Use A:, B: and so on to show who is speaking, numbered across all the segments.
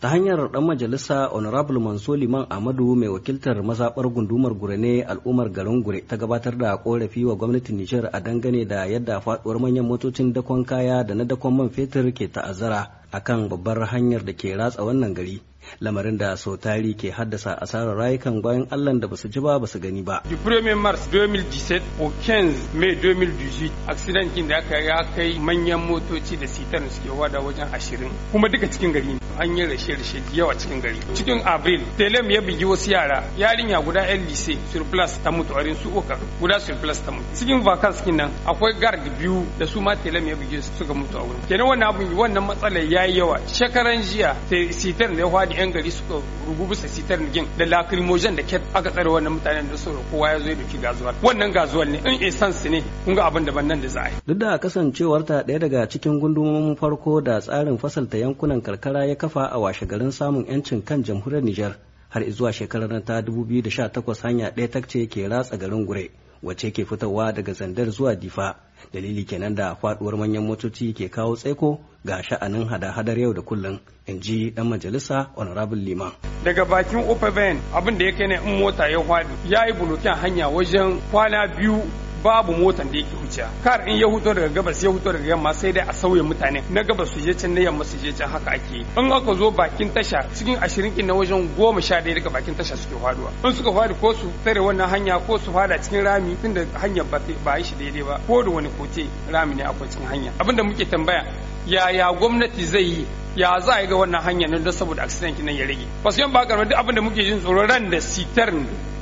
A: ta hanyar ɗan majalisa honorable manso liman amadu mai wakiltar mazaɓar gundumar gure ne al'ummar garin gure ta gabatar da korafi wa gwamnatin nijar a dangane da yadda faɗuwar manyan motocin dakon kaya da na dakon man fetur ke ta'azzara akan babbar hanyar da ke ratsa wannan gari lamarin da sau tari ke haddasa asarar rayukan bayan allan da basu ji ba basu gani ba.
B: Du premier mars 2017 au 15 mai 2018 accident kin da aka ya kai manyan motoci da sitan suke wada wajen ashirin kuma duka cikin gari ne an yi rashe-rashe yawa cikin gari. Cikin Abril telem ya bugi wasu yara yarinya guda yan lise surplus ta mutu a su uka guda surplus ta mutu. Cikin vacance kin nan akwai gard biyu da su ma telem ya bugi suka mutu a wurin. Kenan wannan abin wannan matsalar yi yawa shekaran jiya sitar da ya hwadi 'yan gari suka rubu bisa sitar nigin da lacrimogen da ke aka tsare wannan mutanen da su kowa ya zo ya doki gazuwal wannan gazuwal ne in essence ne kun ga abin da ban nan da za a
A: yi duk da kasancewarta ɗaya daga cikin gundumomin farko da tsarin fasalta yankunan karkara ya kafa a washe garin samun 'yancin kan jamhuriyar Nijar har zuwa shekarar ta 2018 hanya ɗaya takce ke ratsa garin Gure. wacce ke fitowa daga zandar zuwa difa dalili kenan da faduwar manyan motoci ke kawo tsaiko ga sha'anin hada-hadar yau da kullum in ji dan majalisa honorable liman
B: daga bakin upaven abin da ya kai ne in mota ya faɗi ya yi bulokin hanya wajen kwana biyu babu motan da yake wuciya kar in ya huto daga gabas ya huto daga yamma sai dai a sauya mutane na gabas su je can na yamma su je can haka ake in aka zo bakin tasha cikin ashirin kin na wajen goma sha ɗaya daga bakin tasha suke faduwa in suka fadi ko su tare wannan hanya ko su fada cikin rami tunda hanyar ba yi shi daidai ba ko da wani kote rami ne akwai cikin hanya abinda muke tambaya yaya gwamnati zai yi ya za a yi ga wannan hanya nan don saboda accident nan ya rage wasu yan ba duk abin da muke jin tsoro ran da sitar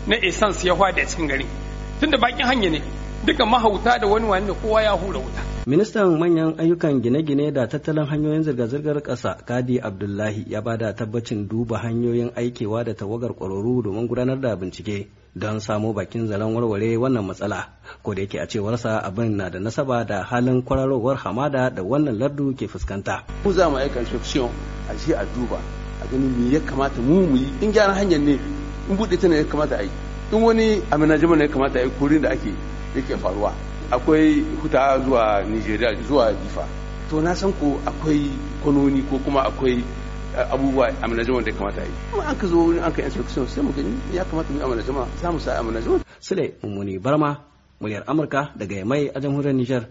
B: na essence ya hwada a cikin gari tunda bakin hanya ne duka mahauta da wani wani kowa ya hura wuta.
A: Ministan manyan ayyukan gine-gine da tattalin hanyoyin zirga-zirgar ƙasa Kadi Abdullahi ya bada tabbacin duba hanyoyin aikewa da tawagar ƙwararru domin gudanar da bincike. don samo bakin zaren warware wannan matsala ko da yake a cewarsa abin na da nasaba da halin kwararowar hamada da wannan lardu ke fuskanta
C: ku za mu aika inspection a je a duba a gani me ya kamata mu mu yi in gyara hanyar ne in bude ta ne ya kamata a yi in wani amenajima ne ya kamata a yi kurin da ake yake faruwa akwai huta zuwa nigeria zuwa difa to na san ko akwai kwanoni ko kuma akwai abubuwa a manajama da kamata yi
A: kuma an ka zo wurin an ka yan solution sai mu gani ya kamata mu yi a manajama za mu sa a manajama sule mummuni barma muryar amurka daga yamai a jamhuriyar niger